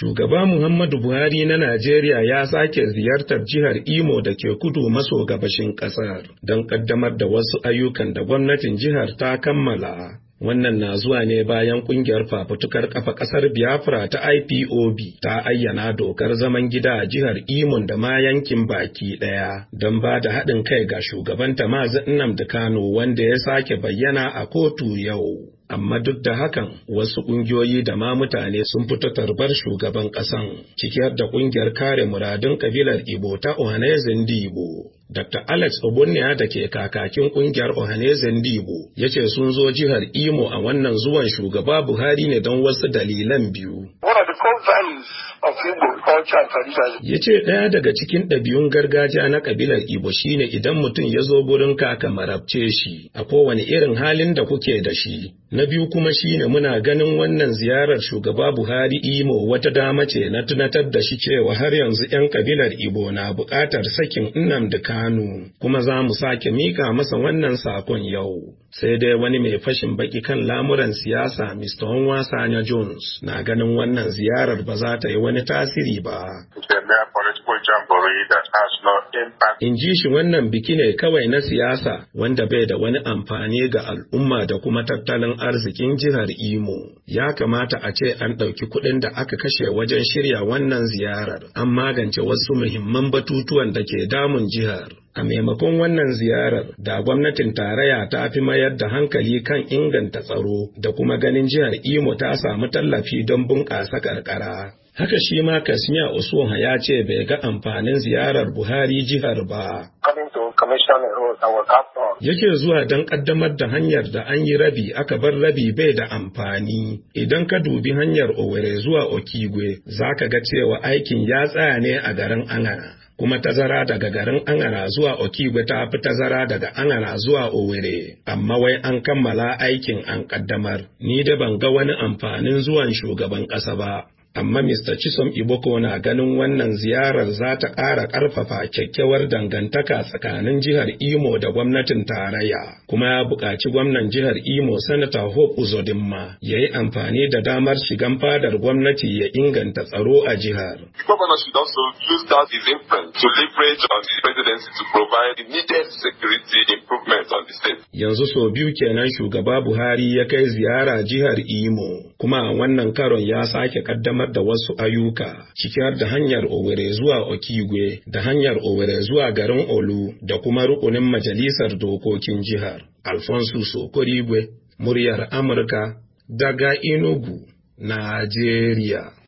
Shugaba Muhammadu Buhari na Najeriya ya sake ziyartar jihar Imo da ke kudu maso gabashin ƙasar don ƙaddamar da wasu ayyukan da gwamnatin jihar ta kammala. Wannan na zuwa ne bayan kungiyar fafutukar kafa ƙasar Biafra ta IPOB ta ayyana dokar zaman gida a jihar Imo da ma yankin baki ɗaya don ba da haɗin kai ga shugabanta Mazi da Kano wanda ya sake bayyana a kotu yau. amma duk da hakan wasu ƙungiyoyi da ma mutane sun fito tarbar shugaban ƙasan ciki da ƙungiyar kare muradun ƙabilar Ibo ta Ohanezen Dibo. Dr. Alex Obunia da ke kakakin ƙungiyar Ohanezen Dibo ya ce sun zo jihar Imo a wannan zuwan shugaba Buhari ne don wasu dalilan biyu. Ya ce ɗaya daga cikin ɗabi'un gargajiya na ƙabilar Igbo shine idan mutum ya zo gurin kaka marabce shi a kowane irin halin da kuke da shi. Na biyu kuma shine muna ganin wannan ziyarar shugaba Buhari Imo wata dama ce na tunatar da shi cewa har yanzu 'yan kabilar Ibo na buƙatar sakin da Kanu kuma za mu sake mika masa wannan sakon yau. Sai dai wani mai fashin baki kan lamuran siyasa Mr. Onwasanya Jones na ganin wannan ziyarar ba za ta yi wani tasiri ba. In ji shi wannan biki ne kawai na siyasa wanda bai da wani amfani ga al'umma da kuma tattalin arzikin jihar Imo. Ya kamata a ce an ɗauki kuɗin da aka kashe wajen shirya wannan ziyarar, an magance wasu muhimman batutuwan da ke damun jihar. A maimakon wannan ziyarar da gwamnatin tarayya ta fi mayar da hankali kan inganta tsaro da kuma ganin jihar Imo ta samu tallafi don bunƙasa karkara. Haka shi ma Kasmiya Usuha ya ce bai ga amfanin ziyarar Buhari jihar ba. Yake zuwa don ƙaddamar da hanyar da an yi rabi aka bar rabi bai da amfani. Idan ka dubi hanyar owere zuwa Okigwe, za ka ga cewa aikin ya tsaya ne a garin Angana. kuma tazara daga garin Angara zuwa Okigwe ta fi tazara daga Angara zuwa owere amma wai an kammala aikin an kaddamar. Ni da ban ga wani amfanin zuwan shugaban ƙasa ba, amma Mr. Chisom Iboko na ganin wannan ziyarar za ta ƙara ƙarfafa kyakkyawar dangantaka tsakanin jihar Imo da gwamnatin tarayya, kuma ya buƙaci gwamnan jihar Imo Sanata Hope Uzodinma ya yi amfani da damar shigan fadar gwamnati ya inganta tsaro a jihar. Gwamnati should also use that his influence to leverage on presidency to provide needed security improvements yanzu sau biyu kenan shugaba Buhari ya kai ziyara jihar Imo, kuma wannan karon ya sake kaddamar da wasu ayyuka, ciki da hanyar Owerri zuwa Okigwe, da hanyar Owerri zuwa garin Olu, da kuma rukunin majalisar dokokin jihar. Alfonso Sokoribwe, muryar Amurka, daga Enugu, Najeriya.